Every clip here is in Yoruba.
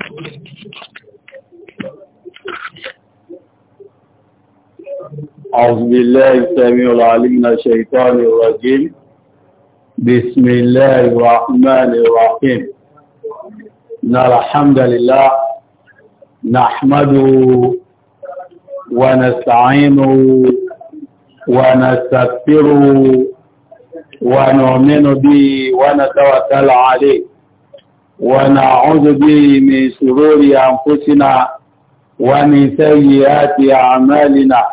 أعوذ بالله السميع العليم من الشيطان الرجيم بسم الله الرحمن الرحيم إن الحمد لله نحمده ونستعينه ونستغفره ونؤمن به ونتوكل عليه ونعوذ به من شرور أنفسنا ومن سيئات أعمالنا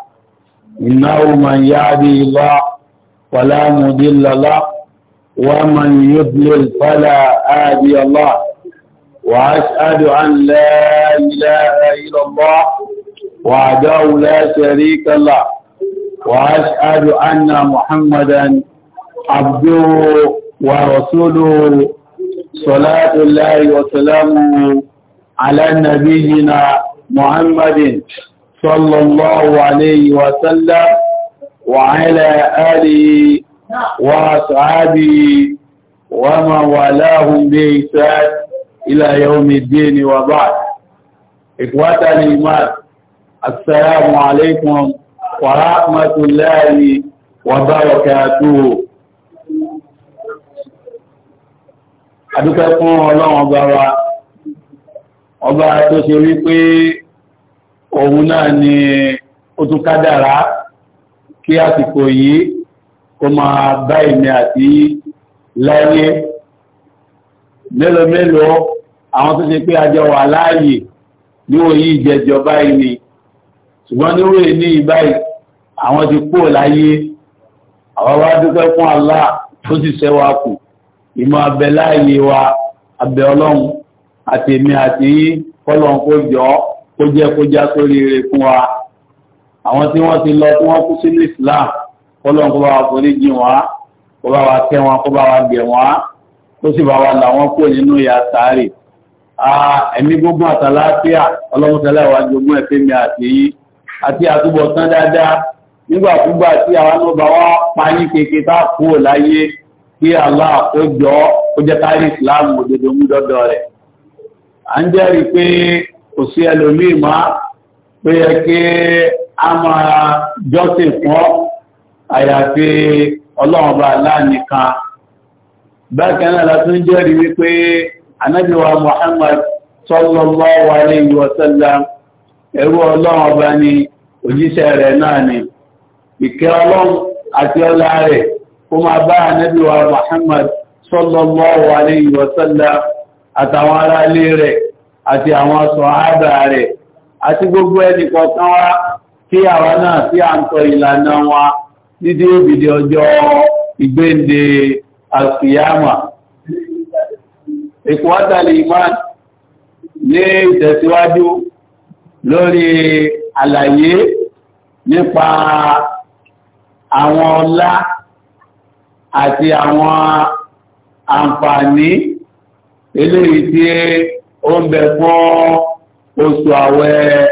إنه من يعدي الله فلا مضل له ومن يضلل فلا آدي الله وأشهد أن لا إله إلا الله وعده لا شريك له وأشهد أن محمدا عبده ورسوله صلاة الله وسلامه على نبينا محمد صلى الله عليه وسلم وعلى آله وأصحابه وما والاهم بإحسان إلى يوم الدين وبعد إخوة الإيمان السلام عليكم ورحمة الله وبركاته adúpẹ́ fún ọlọ́run ọba wa ọba tó ṣe wí òun náà ni ó tún kádàrá kí àsìkò yìí kó máa bá ìmẹ́ àti láyé mélòó mélòó àwọn tó ṣe pé àjọ wà láàyè níwò yìí jẹjọ báyìí ni ṣùgbọ́n níwò ní ìbáyìí àwọn ti kúrò láyé àwọn wá dúpẹ́ fún Allah tó sì ṣẹ́wà kù ìmọ̀ abẹ láàyè wa abẹ ọlọ́run àti èmi àti yín kọ́lọ́run kó jọ kó jẹ́ kó já sórí rere fún wa àwọn tí wọ́n ti lọ tí wọ́n kú sínú Islam kọ́lọ́run kó bá wa foríjì wá kó bá wa kẹ́ wọn kó bá wa gẹ̀ wọ́n kó sì bá wa là wọ́n kúrò nínú ìyà sáré ẹ̀mí gbogbo àtàláfíà ọlọ́run tẹ́lẹ̀ wá jogún ẹ̀fẹ́ mi àti yín àti àtúbọ̀tán dáadáa nígbàkúgbà tí àwọn ọba wa pa yín kékeré tá a kúrò láyé kí Allah ó jọ ó jẹ́ kárí ìsìláàmù òdodo mú dọ́dọ̀ rẹ̀. à ń jẹ́rìí pé kò sí ẹlòmíì má pé yẹ kí a máa jọ́sìn fún àyàfi ọlọ́run bá láàánìkan. bákan náà la tún jẹ́rìí wípé Ànábì Muhammad sallallahu alayhi wa sallam ẹrú ọlọ́run ọba ni òjíṣẹ́ rẹ̀ náà ni ìkẹ́ ọlọ́run àti ọlá rẹ̀ kó máa bá ànábì wa Muhammad sallallahu alayhi wa sallam àtàwọn ará ilé rẹ̀ àti àwọn sọ̀hábà rẹ̀ àti gbogbo ẹnì kọ̀ọ̀kan wá kí àwa náà sí à ń tọ ìlànà wa nídí òbìdí ọjọ́ ìgbéǹde alkiyama ìkwátàlì iman ní ìtẹ̀síwájú lórí àlàyé nípa àwọn ọlá àti àwọn àǹfààní eléyìí tí ó ń bẹ fún oṣù àwẹ̀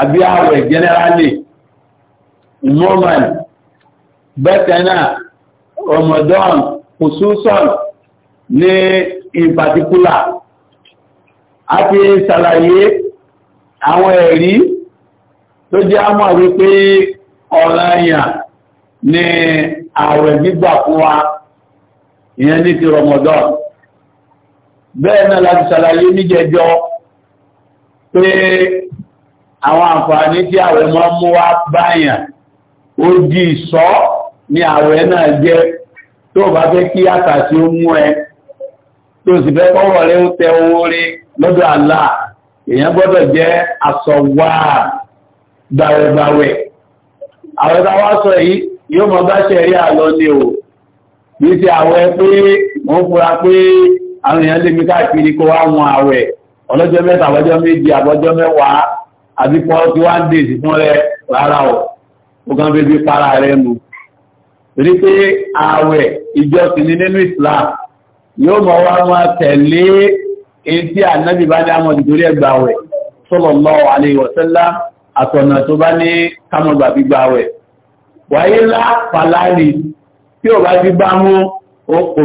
àbí àwẹ̀ generally normal bẹ́ẹ̀ náà Ramadan khususan ní in particular a ti ṣàlàyé àwọn ẹ̀rí tó jẹ́ àmọ̀ wípé ọ̀ranyàn ni ààwẹ̀ gbígbà fún wa ìyẹn ní ti Ramadan bẹ́ẹ̀ náà láti ṣàlàyé níjẹjọ́ pé àwọn àǹfààní tí ààwẹ̀ máa mú wá báyàn ó di ìṣọ́ ní ààwẹ̀ náà jẹ́ tó bá fẹ́ kí àtàṣí ó mú ẹ tó sì fẹ́ kọ́wọ́ rẹ ó tẹ owó rí lọ́dọ̀ Allah èèyàn gbọ́dọ̀ jẹ́ asọ̀wà gbàwẹ̀gbàwẹ̀ àwọn ìta wá sọ yìí yóò mọ bá ṣẹ̀rí àlọ́ ní o ní ti àwẹ̀ pé wọ́n fura pé àwọn èèyàn lè mi káàkiri kó wá wọn àwẹ̀ ọlọ́jọ́ mẹ́ta àbọ́jọ́ méjì àbọ́jọ́ mẹ́wàá àbí forty one days fún rẹ rárá o ó kàn bébí para rẹ nù rí pé àwẹ̀ ìjọsìn ní nínú Islam yóò mọ wá wọn tẹ̀lé etí ànábì bá ní àwọn ìdórí ẹgbà wẹ̀ sallallahu alaihi wasallam àtọ̀nà tó bá ní kámọ́gbà gbígbà wẹ̀ wáyé lá pàlárì tí ò bá ti bá mú kò